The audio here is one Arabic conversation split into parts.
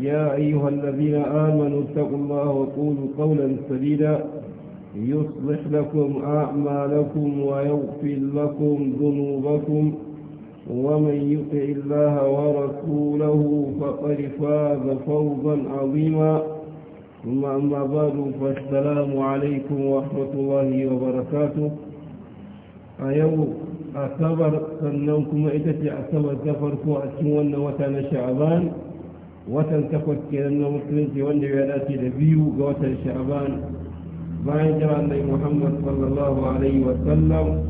يا أيها الذين آمنوا اتقوا الله وقولوا قولا سديدا يصلح لكم أعمالكم ويغفر لكم ذنوبكم ومن يطع الله ورسوله فقد فاز فوزا عظيما ثم أما بعد فالسلام عليكم ورحمة الله وبركاته أيوه أصبر أنكم إذا أعتبر سفركم أتمنى وتنشعبان شعبان وتنتقل كأن مسلم والنبي الأتي لبيه قوت الشعبان بعد أن محمد صلى الله عليه وسلم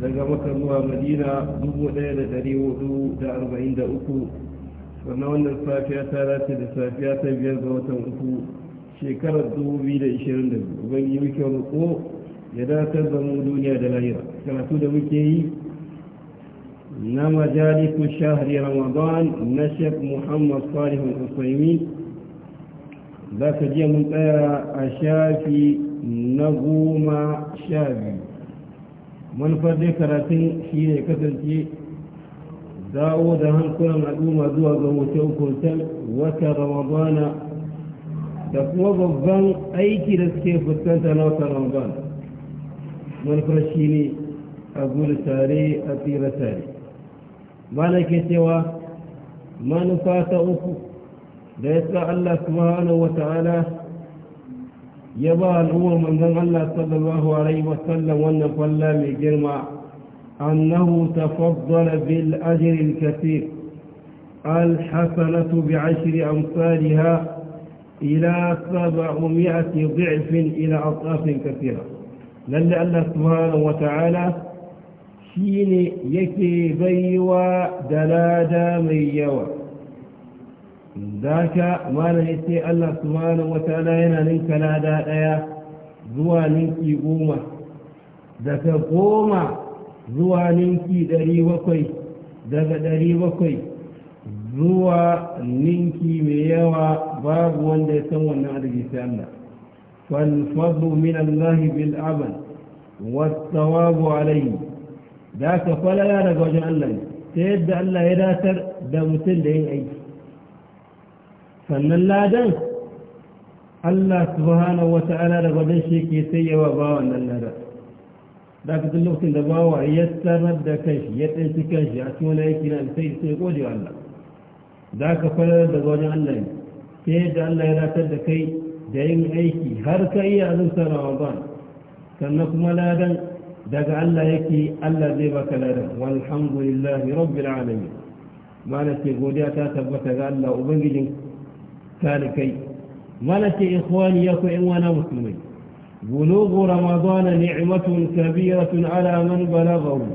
دقى مكة مدينة دو ليلة دريو دو دا أربعين دا أكو فنوان الصافية ثلاثة الصافية بيان قوت الأكو شكرا دو بيلا إشيرن دبو وبين يمكن أكو يدا تنظم دنيا دلائرة كما تود مكيه ومجالس شهر رمضان نشف محمد صالح الحسيمين ذاك جي من طيرة أشافي نقوم شابي من فرد كراتين شيء كثرتي dawo da hankulan al'umma zuwa ga hoton wata ramadana da kuma babban aiki da suke fuskanta na wata ramadana manufar shi ne a gudu tare a tsira tare mana ke cewa manufa ta uku da ya sa Allah subhanahu wa ta'ala ya ba al'ummar manzon Allah sallallahu alaihi wa sallam wannan falla mai girma annahu tafaddala bil ajri al kathir al hasanatu bi ashri amsalha ila 700 ضعف ila ataf kathira lalle Allah subhanahu wa ta'ala shine yake baiwa da lada mai yawa zaka malam yace Allah subhanahu wataala yana ninka lada daya zuwa ninki goma daga goma zuwa ninki ɗari bakwai daga ɗari bakwai zuwa ninki mai yawa babu wanda ya san wannan arziki sai Allah fal fadlu min Allah bil amal والثواب عليه da haka kwalala daga wajen Allah ne ta yadda Allah ya datar da mutum da yin aiki sannan ladan Allah subhanahu wa ta'ala daga wajen shi ke sayyawa bawan nan ladan da haka duk lokacin da bawa ya sanar da kanshi ya tsinci kanshi a cikin aiki na sai sai gode wa Allah da haka kwalala daga wajen Allah ne ta yadda Allah ya datar da kai da yin aiki har ka iya azumta Ramadan sannan kuma ladan daga Allah yake Allah zai baka ladan walhamdulillahi rabbil alamin mana ce godiya ta tabbata ga Allah ubangijin talikai mana ce ikhwani ya ku in wani musulmai bulugu ramadana ni'matun kabiratun ala man balaghahu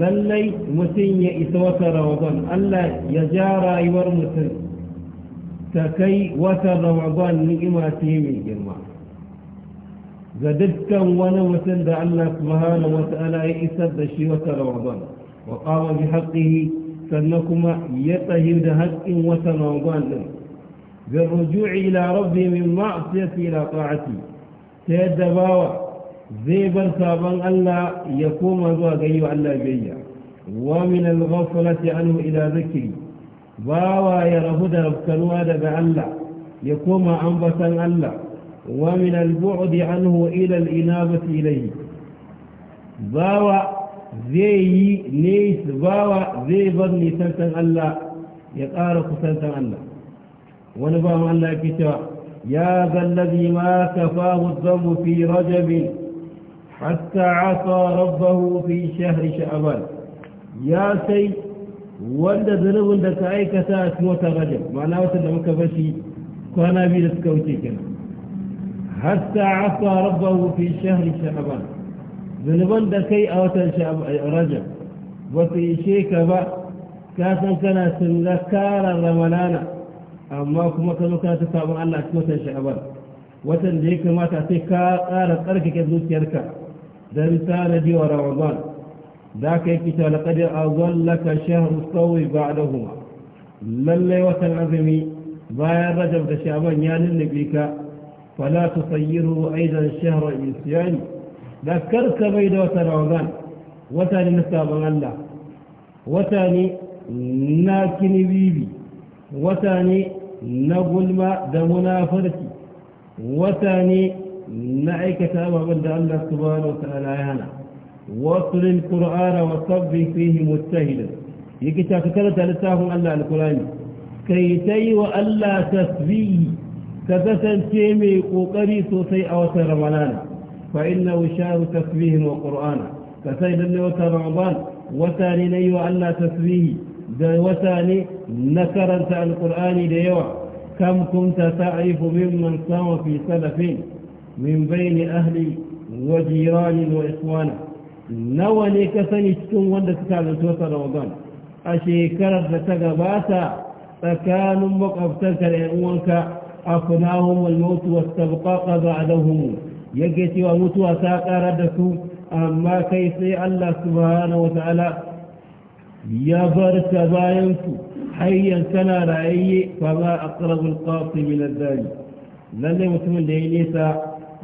lallai mutum ya isa wata ramadan Allah ya ja rayuwar mutum ta kai wata ramadan ni'ima ce mai ga dukkan wani mutum da Allah subhanahu wata'ala ya isar da shi wata Ramadan wa qama bi haqqihi sannan kuma ya tsahi da haƙƙin wata Ramadan din bil ruju'i ila rabbi min ma'siyati ila ta'ati ta yadda bawa zai bar sabon Allah ya koma zuwa ga yi wa Allah biyayya wa min al-ghaflati anhu ila dhikri bawa ya rahu da rabkanuwa daga Allah ya koma ambatan Allah ومن البعد عنه إلى الإنابة إليه باوى زي نيس باوى زي بضني سنسن الله يقارك سنسن الله ونبام الله كتاب يا ذا الذي ما كفاه الذنب في رجب حتى عصى ربه في شهر شعبان يا سي وند ذنب لك ساعه موت رجب معناه تدعوك بشي كان بي لتكوتي كنا حتى عصى ربه في شهر شعبان ذنبان دا كي أوتا رجب وفي شيك با كاسا كنا سنذكار رمانانا أما كما كانوا كانت تتابع الله كوتا شعبان وطن ديك ما تعطي كارا قرك كذوك يركا ده رسالة دي ورمضان ذاك يكتا لقد أظلك شهر الصوي بعدهما للي وطن عظمي بايا رجب دا شعبان يا للي بيكا فلا تطيره أيضا شهر الإنسيان ذكرك بيد وتر عمان وتاني نساب الله وتاني ناكني بيبي وتاني نقول ما دمنا فرتي وتاني نعيك أبا الله سبحانه وتعالى يانا وصل القرآن وصبي فيه مجتهدا يكي تاكتلت لتاهم الله القرآن كي تي وألا تسبيه كتسلسي من قوكري سوسي أوسى رمانانا فإن وشار تسبيه وقرآن كتسلسي من أوسى رمضان وثاني نيو أن تسبيه وثاني نكرا عن القرآن ليوع كم كنت تعرف ممن صام في سلف من بين أهل وجيران وإخوان نواني كثني تكون وانا تتعلم سوى رمضان أشي كرر تتقى باسا فكان أمك أبتلك أفناهم الموت واستبقاق بعدهم يجيتي وموت وساقى ردتو أما كيسي الله سبحانه وتعالى يبر تباينسوا حيا سنا رأيي فما أقرب القاصي من الداني للي متمن ليليسا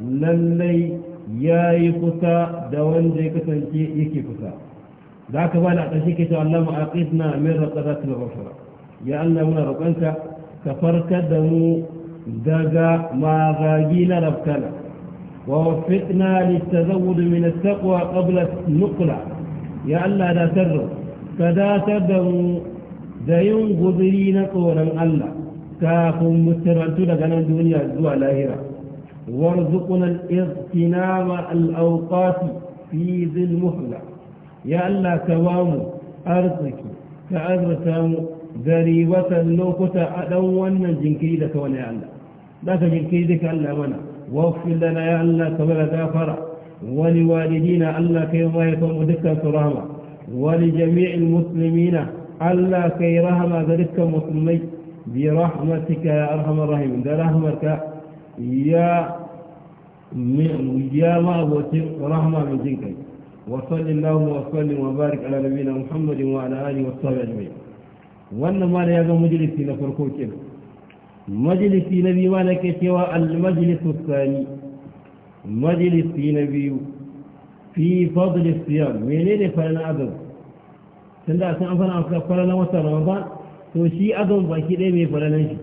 للي يا يكسا دوان جيكسا يكي كسا ذاك بانا أتشيكي تعلم عقيدنا من رقبات الغفرة يا الله من رقنك كفرك دمو دقا ما غاقين ربكنا ووفقنا للتزود من التقوى قبل النقلة يا الله لا ترد فدا تدعو دين غذرين قولا الله كاكم مسترعت لنا الدنيا الزوى الاهرة وارزقنا الاغتنام الأوقات في ذي المهلة يا الله كوام أرضك كأرضك ذريوة اللوكة أدوانا جنكري لك ونعلم لا من كيدك ألا منا واغفر لنا يا الله كبر دافر ولوالدينا ألا كي يكون ودكا كراما ولجميع المسلمين ألا كي رهما ذلك مسلمي برحمتك يا أرحم الراحمين ذا رحمك يا يا ما أبوتي رحمة من جنك وصل اللهم وسلم وبارك على نبينا محمد وعلى آله وصحبه أجمعين وأن ما لا يزال في لفركوكنا majalisi na biyu ma nake cewa almajalisu sani majalisi na biyu fi fadli siyam menene fara azum tunda sun an fara fara na watan ramadan to shi azum baki ɗaya mai fara nan shi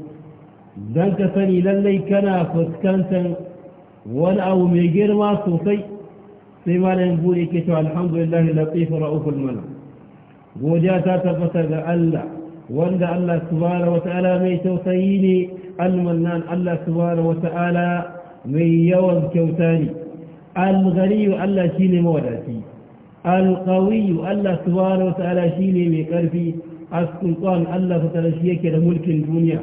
dan ka sani lallai kana fuskantar wani abu mai girma sosai sai ma da bude ke cewa alhamdulillah latifur ra'uful mana godiya ta tabbatar ga Allah wanda Allah subhanahu wata'ala mai tausayi ne almannan Allah subhanahu wata'ala mai yawan kyauta ne alghaniyu Allah shine mawadaci alqawiyu Allah subhanahu wata'ala shine mai karfi as-sultan Allah ta'ala shi yake da mulkin duniya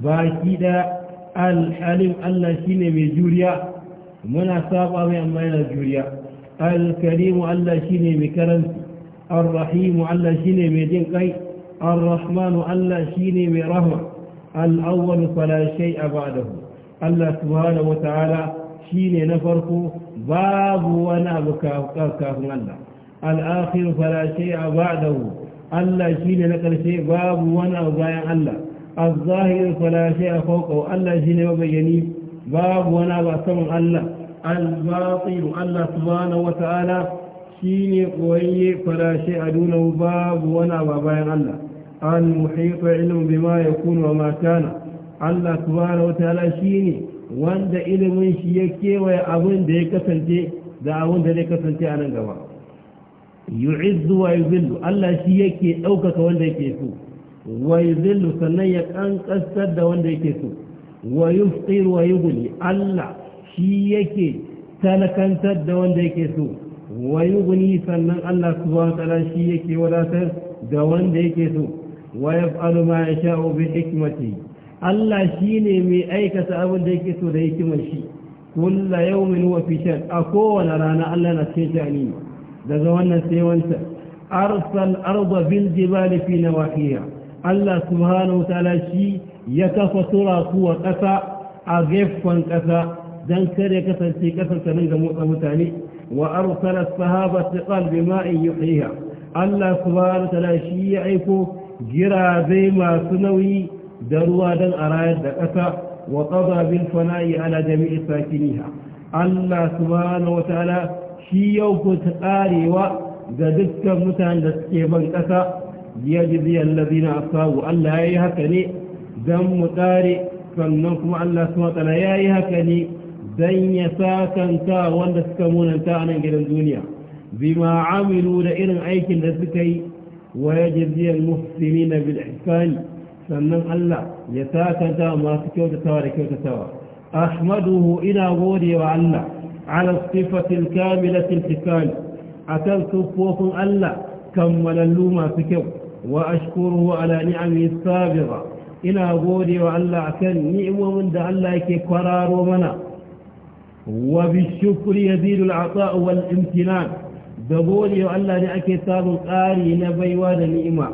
baki da al-halim Allah shine mai juriya muna saba mai amma yana juriya al-karim Allah shine mai karanci ar-rahim Allah shine mai jin kai الرحمن ألا شيني من الأول فلا شيء بعده ألا سبحانه وتعالى شيني نفرك باب ونعب كافن الله الآخر فلا شيء بعده ألا شيني نقل شيء باب ونعب بايا الله الظاهر فلا شيء فوقه ألا شيني وبيني باب ونعب سمع الله الباطل ألا سبحانه وتعالى شيني قوي فلا شيء دونه باب ونعب بايا الله عن المحيط علم بما يكون وما كان Allah subhanahu wataala shine wanda ilimin shi ya kewaye abin da ya kasance da abin da zai kasance a nan gaba yu'izzu wa yuzillu Allah shi yake ɗaukaka wanda yake so wa yuzillu sannan ya kankasar da wanda yake so wa yufqir wa yughni Allah shi yake talakantar da wanda yake so wa yughni sannan Allah subhanahu wataala shi yake wadatar da wanda yake so ويفعل ما يشاء بحكمته الله شيني مي أيكة أبن ديك سو مشي كل يوم هو في شأن أكون رانا الله نسكي شأني ده سيوانسا أرسل الأرض بالجبال في نواحيها الله سبحانه وتعالى شي يكفى ترى قوة قفى أغفى قفى دان كري قفى سي قفى سننجا متعني وأرسل الصحابة قال بماء يحييها الله سبحانه وتعالى شي يعيفه girabe masu nauyi da ruwa don a rayar da ƙasa wa ƙaba bil fana'i ala jami'i sakiniha Allah subhanahu wataala shi yau ko ta ƙarewa ga dukkan mutanen da suke ban ƙasa ya jizi allazina asabu Allah yayi haka ne dan mu ƙare sannan kuma Allah subhanahu wataala yayi haka ne dan ya sakanta wanda suka munanta a nan gidan duniya bima amilu da irin aikin da suka yi ويجزي المحسنين بالإحسان سنن الله يتاك دا ما تكيو تتوى ركيو تتوى أحمده إلى غوري وعلا على الصفة الكاملة الحسان أتل صفوف الله كمل اللوم تكيو وأشكره على نعمه السابقة إلى غوري وعلا كان نعم من دا الله كي قرار ومنا وبالشكر يزيد العطاء والامتنان da gode wa Allah ne ake samun ƙari na baiwa da ni'ima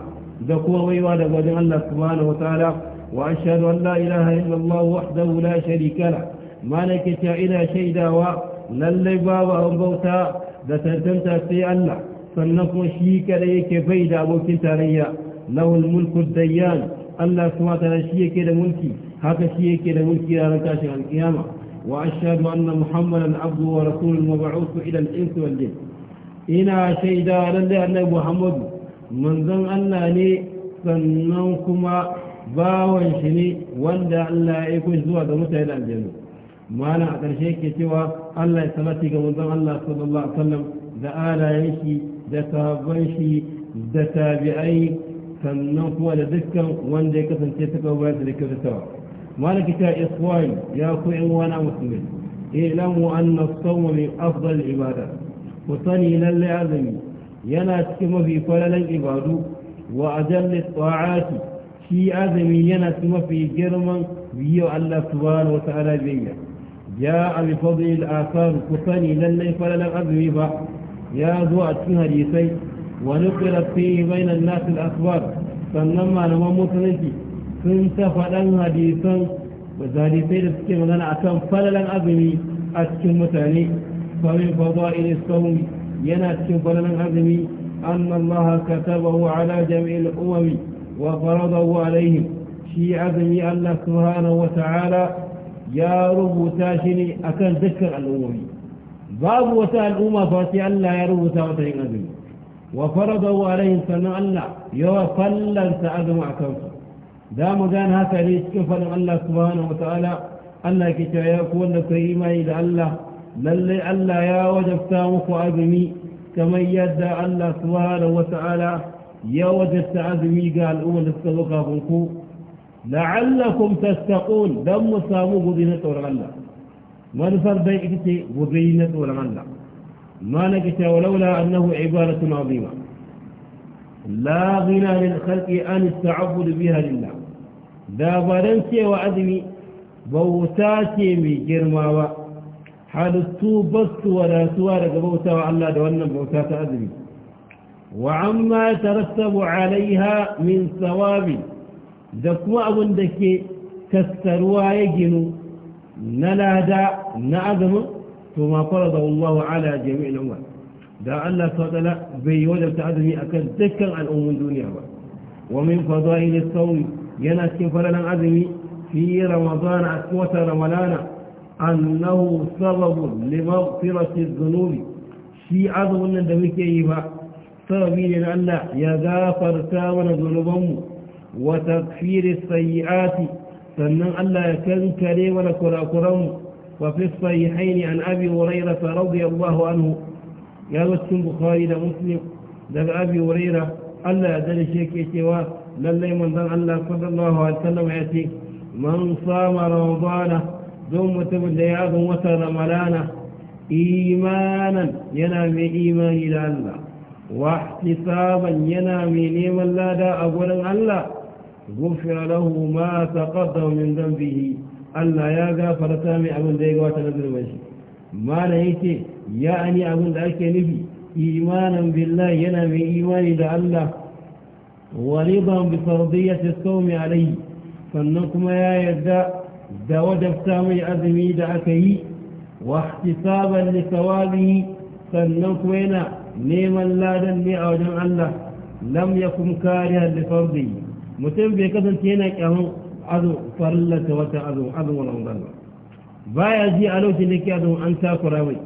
da kuma baiwa da gwadin Allah subhanahu wataala wa ashhadu an la ilaha illallah wahdahu la sharika la malaka ta ina shaidawa lallai babu an bauta da tantanta sai Allah sannan kuma shi kada yake bai da abokin tarayya lahul mulku dayyan Allah subhanahu wataala shi yake da mulki haka shi yake da mulki ranar tashin alkiyama وأشهد أن محمدا عبده ورسوله مبعوث إلى الإنس والجن ina shaida lalle Allah muhammadu manzon allah ne sannan kuma bawan shi ne wanda allah ya kunshi zuwa ga mutane aljanna mana a ƙarshe yake cewa allah ya salati ga manzon allah sallallahu alaihi wasallam da alayen shi da sahabban shi da tabi'ai sannan kuma da dukkan wanda ya kasance ta kawo bayan da tawa mana kita iswai ya ku yan wana musulmi ilamu anna sawmi afdal ibadat ku sani lalle azumi في cikin mafi وأجل الطاعات في ajalli ta'ati shi azumi yana cikin mafi girman biyo Allah جاء بفضل الآثار كفني للي فلا أذوي با يا ذو أتكن هديثي ونقلت فيه بين الناس الأخبار فنما نما مسلمتي كنت فلن هديثا وزاديثي سيد مدن أكام فلا أذوي متاني فمن فضائل الصوم ينأتي فلن عزمي أن الله كتبه على جميع الأمم وفرضه عليهم شي عزمي الله سبحانه وتعالى يا رب تاشني أكل ذكر الأمم باب وتاء الأمم فاتي الله يا رب تاشني عزمي وفرضه عليهم سنة الله يوفلا سأذم أكنفه دام قال هكذا ليسكفر الله سبحانه وتعالى الله كتابه يقول لك إيمان إلى الله lalle Allah ya wajabta muku azumi kamar yadda Allah subhanahu wata'ala ya wajabta azumi ga al'umma da suka zo kafin ku la'allakum tattaqun dan mu samu guzi na tsoron Allah manufar dai ita ce guzi na tsoron Allah ما نكت ولولا أنه عبارة عظيمة لا غنى للخلق عن التعبد بها لله ذا برنسي وعدمي بوتاتي من جرماوة حالتو بس ولا سوار بوتا وعلا دوانا بوتا تأذني وعما يترتب عليها من ثواب دكما أبن دكي كسروا يجنوا نلادا نعظم ثم فرضه الله على جميع الأمم دا الله تعالى بيوجب تأذني أكد ذكا عن أم الدنيا ومن فضائل الصوم ينسكن فلنا أذني في رمضان أسوة رمضان أنه سبب لمغفرة الذنوب شيء عظم أن دمك إيبا سببين أن الله يغافر تامن ذنوبهم وتغفير السيئات سنن الله كريم ونكرا أكرم وفي الصحيحين عن أبي هريرة رضي الله عنه يا مسلم بخاري مسلم ده أبي هريرة الله يدل شيك سواه للي من الله صلى الله عليه وسلم يأتي من صام رمضانه don mutumin da ya azun watan ramadana imanan yana mai imani da Allah wa ihtisaban yana mai neman lada a gurin Allah gufira lahu ma taqaddama min dhanbihi Allah ya gafarta mai abin da ya gabata na zurbin shi mana yake ya ani abin da ake nufi imanan billahi yana mai imani da Allah wa ridan bi fardiyati sawmi alayhi sannan kuma ya yarda داود السامي عزمي دعكي واحتسابا لثوابه سنوك وينا لا دنيا لعوجا الله لم يكن كارها لفرضي متم في قدر تينك أهو أذو فرلة وتا أذو أذو ولو ظل بايا جي ألو تلك أذو أنتا كراوي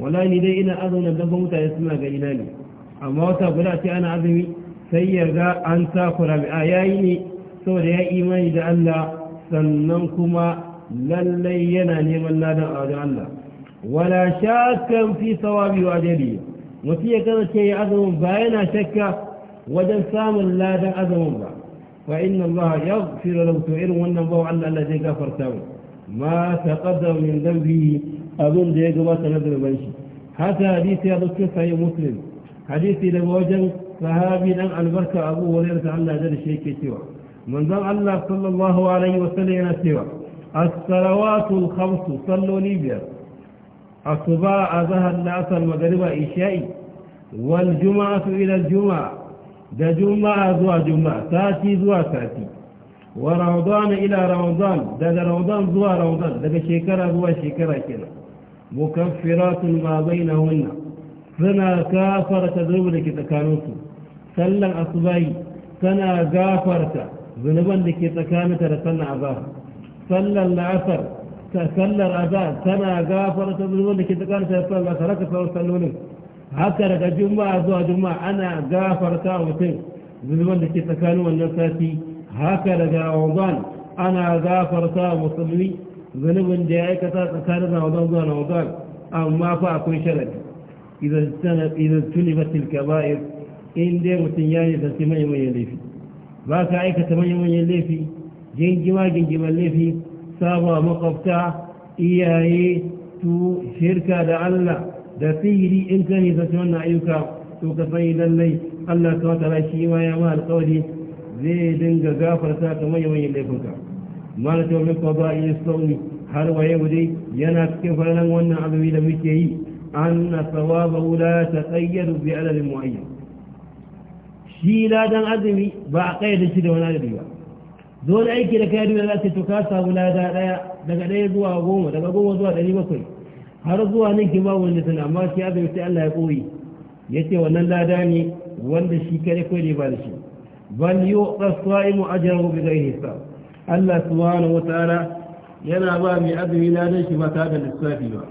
ولا ندي إنا أذو نبدأ موتا يسمى غيناني أما وتا قلعتي أنا عزمي سيرغا أنتا كراوي آياني سوريا إيماني دعا sannan kuma lallai yana neman ladan a wajen Allah wala shakkan fi sawabi wa ajali mutum ya kasance ya azumin ba yana shakka wajen samun ladan azumin ba fa inna Allah ya gafira lahu to irin wannan bawa Allah Allah zai gafarta mu ma taqaddama min dhanbihi abin da ya gabata na zunuban shi haka hadisi ya zuci sahih muslim hadisi daga wajen sahabi dan albarka abu hurairah Allah ya da shi yake cewa من منذ الله صلى الله عليه وسلم سوى الصلوات الخمس صلوا ليبيا الصباع ذهب الناس مغرب عشاء والجمعة إلى الجمعة دا جمعة ذوى جمعة تاتي ذوى تاتي ورمضان إلى رمضان دا رمضان ذوى رمضان دا شكرة ذوى شكرة كنا مكفرات ما بينهن سنة كافرة ذوبلك تكانوتو سلم أصبعي سنة كافرة, كافرة ذنوبان لكي تكامت رسن عذاب صلى العثر صلى العذاب سنى غافرة ذنوبان لكي تكامت رسن العثر هكذا جمعة أزوى جمعة أنا غافرة وطن ذنوبان لكي تكامت ونساتي هكذا أوضان أنا غافرة وصلوي ذنوبان جائكة تكامت أوضان أوضان أوضان أو ما فأكون شرك إذا تنفت الكبائر إن دي متنياني تسمعي ما يليفي ba ka aikata manyan laifi gingima gingiman laifi saba makwabta iyaye tu shirka da Allah da sihiri in ka nisa ta wannan ayyuka to ka sani lallai Allah ta wata shi ma ya ma alƙawari zai dinga gafarta ka manyan manyan laifinka mana ta wani kwa ba iya sauni har wa yau dai yana cikin farnan wannan azumi da muke yi an na sawaba wula ta tsayyar bi adadin mu'ayyan shi ladan azumi ba a kayyade shi da wani adadi ba zo da aiki da kayyade za ka to ka samu lada daya daga daya zuwa goma daga goma zuwa ɗari bakwai har zuwa nan ki ba wani tana amma shi azumi sai Allah ya koyi ya ce wannan lada ne wanda shi kare kawai ne ba da shi bal yu qasaimu saimu ajrahu bi ghairi hisab Allah subhanahu wa ta'ala yana ba mai azumi ladan shi ba tare da lissafi ba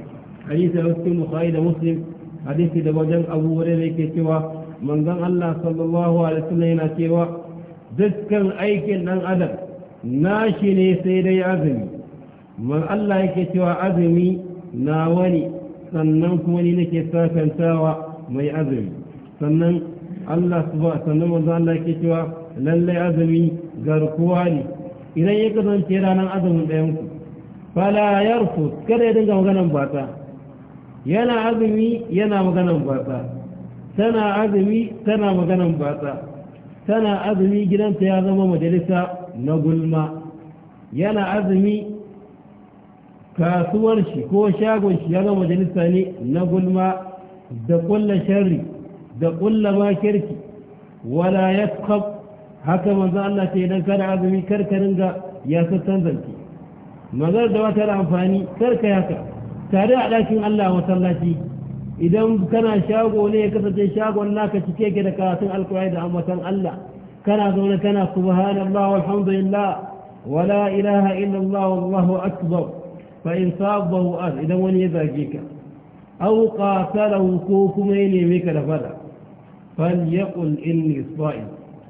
hadisi da muslim hadisi da wajen abu wurin ke yake cewa manzon Allah sallallahu alaihi wasallam yana cewa dukkan aikin ɗan adam nashi ne sai dai azumi man Allah yake cewa azumi na wani sannan kuma ni nake sakantawa mai azumi sannan Allah subhanahu sannan manzon Allah yake cewa lallai azumi garkuwa ne idan ya kasance ranar azumin ɗayan ku fala yarfu kada ya dinga maganan bata yana azumi yana maganan bata tana azumi tana maganan batsa tana azumi gidanta ya zama majalisa na gulma yana azumi kasuwar shi ko shagon shi ya zama majalisa ne na gulma da kulla sharri da kulla makirki wala ya haka manzo Allah ce idan kada azumi karka ringa ya sassan zance magar da wata amfani karka yaka tare a ɗakin Allah masallaci idan kana shago ne ya kasance shagon naka cike ke da karatun alkur'ani da ambatan Allah kana zaune kana subhanallah walhamdulillah wala ilaha illallah wallahu akbar fa in sabahu az idan wani ya zage ka aw qatalahu ko kuma ya neme ka da fada fal yaqul inni sa'im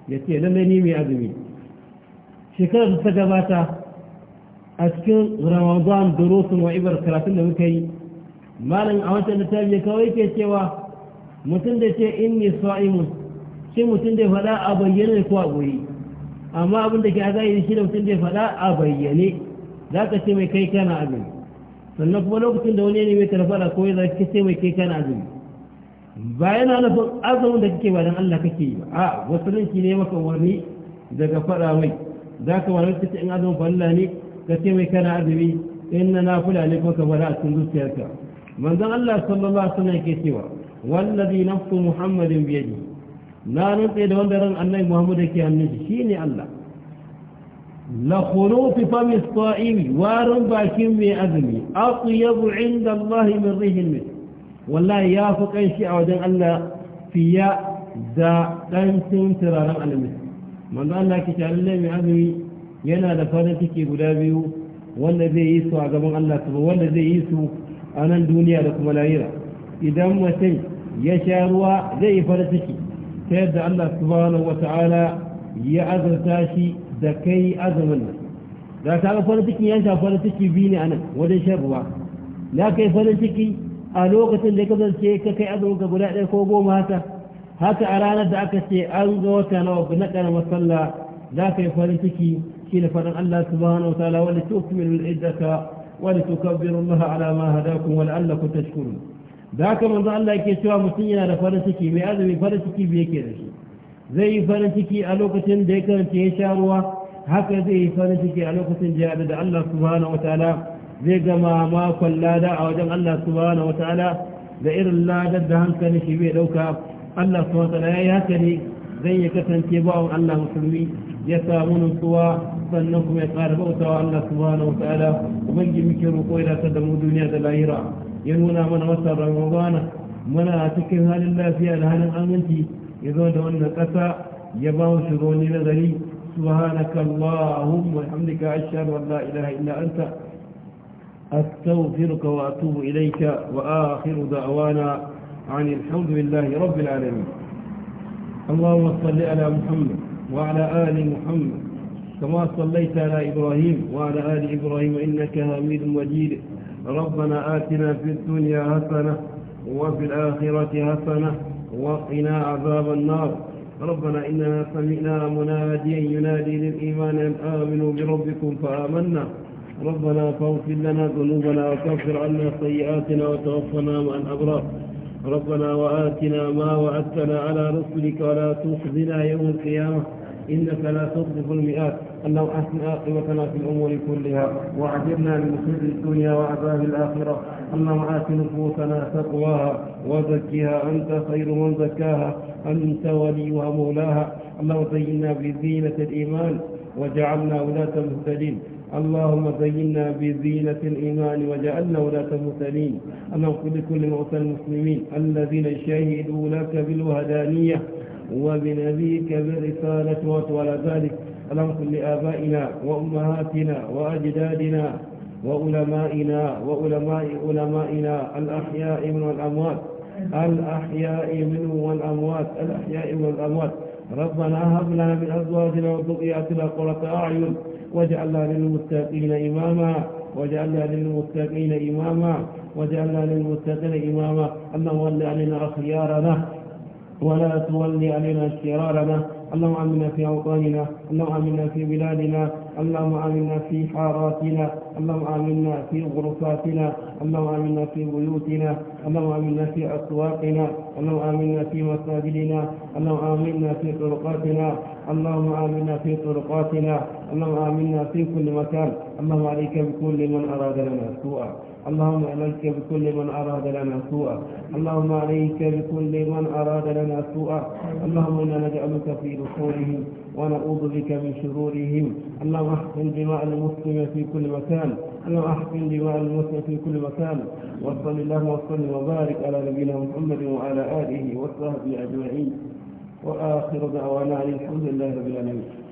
yace lalle ni mai azumi shekarar ta gabata a cikin ramadan durusun wa ibar karatun da muka yi malam a wata littafi ya kawai ke cewa mutum da ce in ne sa'imun shi mutum da faɗa a bayyane ko a goyi amma abin da ke a zai shi da mutum da faɗa a bayyane za ka ce mai kai kana abin sannan kuma lokacin da wani ne mai da ko za ka ce mai kai kana abin ba yana nufin azumin da kake ba don Allah kake yi ba a ninki ne maka wani daga faɗa mai za ka wani kace in azumin falla ne ka ce mai kana azumi in na na ne ko ka faɗa a cikin zuciyarka من ذا الله صلى الله عليه وسلم كثيرا والذي نفط محمد بيده لا نطيد وندرن أنه محمد كي أنه شيني الله لخلوط فم الصائم وارنبا باكين من أذني أطيب عند الله من ريح المسك والله يا فقين شيء ودن الله فيا ذا تنسون ترارم على المسك من ذا الله كتاب الله من أذني ينا لفادتك بلابيو بيو wanda zai الله su a anan duniya da kuma lahira idan mutum ya sha ruwa zai yi farin ciki ta yadda Allah subhanahu wata'ala ya azurta shi da kai azumin nan da ta ga fara ciki yanka fara ciki biyu ne anan wajen sha ruwa na kai fara ciki a lokacin da ka zance ka kai azumin ka guda ɗaya ko goma haka haka a ranar da aka ce an zo ta nawa na ƙarama sallah za ka yi farin ciki shi ne faɗin Allah subhanahu wa ta'ala wanda tu'minu al-iddata ولتكبروا الله على ما هداكم ولعلكم تشكرون ذاك من ذا الله يكي سوى مسلمين على فرسكي بأذب فرسكي بيكي رشي زي فرسكي ألوكة ديكرة يشاروا حكا زي فرسكي ألوكة جاءت دع الله سبحانه وتعالى زي جماعة ما قل لا دع وجم الله سبحانه وتعالى لإر الله جد هنك نشبه لوكا الله سبحانه وتعالى يهكني زي كتن تبعوا الله مسلمين يسامون سواه فانكم يقارب اوتوا على الله سبحانه وتعالى ومن جي مكر وقويلة تدمو دنيا دلائرة ينونا من وسر رمضان منا تكر هال الله فيها لهنا الأمنتي دون قتا يباو شروني لذلي سبحانك اللهم وحمدك عشر ولا إله إلا أنت أستغفرك وأتوب إليك وآخر دعوانا عن الحمد لله رب العالمين اللهم صل على محمد وعلى آل محمد كما صليت على إبراهيم وعلى آل إبراهيم إنك حميد مجيد ربنا آتنا في الدنيا حسنة وفي الآخرة حسنة وقنا عذاب النار ربنا إننا سمعنا مناديا ينادي للإيمان أن آمنوا بربكم فآمنا ربنا فاغفر لنا ذنوبنا وكفر عنا سيئاتنا وتوفنا مع الأبرار ربنا وآتنا ما وعدتنا على رسلك ولا تخزنا يوم القيامة إنك لا تخلف المئات أنه أحسن آقبتنا في الأمور كلها وعجبنا من الدنيا وعذاب الآخرة اللهم آت نفوسنا تقواها وزكها أنت خير من زكاها أنت وليها مولاها اللهم زينا بزينة الإيمان وجعلنا ولاة مهتدين اللهم زينا بزينة الإيمان وجعلنا ولاة مهتدين اللهم كل كل موتى المسلمين الذين شهدوا لك بالوهدانية وبنبيك بالرسالة وطول ذلك اللهم صل لآبائنا وأمهاتنا وأجدادنا وعلمائنا وعلماء علمائنا الأحياء من والأموات الأحياء منهم والأموات الأحياء من والأموات ربنا هب لنا من أزواجنا وذرياتنا قرة أعين واجعلنا للمتقين إماما واجعلنا للمتقين إماما واجعلنا للمتقين إماما اللهم ول علينا خيارنا ولا تولي علينا شرارنا اللهم آمنا في أوطاننا اللهم آمنا في بلادنا اللهم آمنا في حاراتنا اللهم آمنا في غرفاتنا اللهم آمنا في بيوتنا اللهم آمنا في أسواقنا اللهم آمنا في مساجدنا اللهم آمنا في طرقاتنا اللهم آمنا في طرقاتنا اللهم آمنا في كل مكان اللهم عليك بكل من أراد لنا سوءا اللهم عليك بكل من أراد لنا سوءا اللهم عليك بكل من أراد لنا سوءا اللهم إنا نجعلك في نحورهم ونعوذ بك من شرورهم اللهم احقن دماء المسلم في كل مكان اللهم احقن دماء المسلم في كل مكان وصل اللهم وسلم وبارك على نبينا محمد وعلى آله وصحبه أجمعين وآخر دعوانا الحمد لله رب العالمين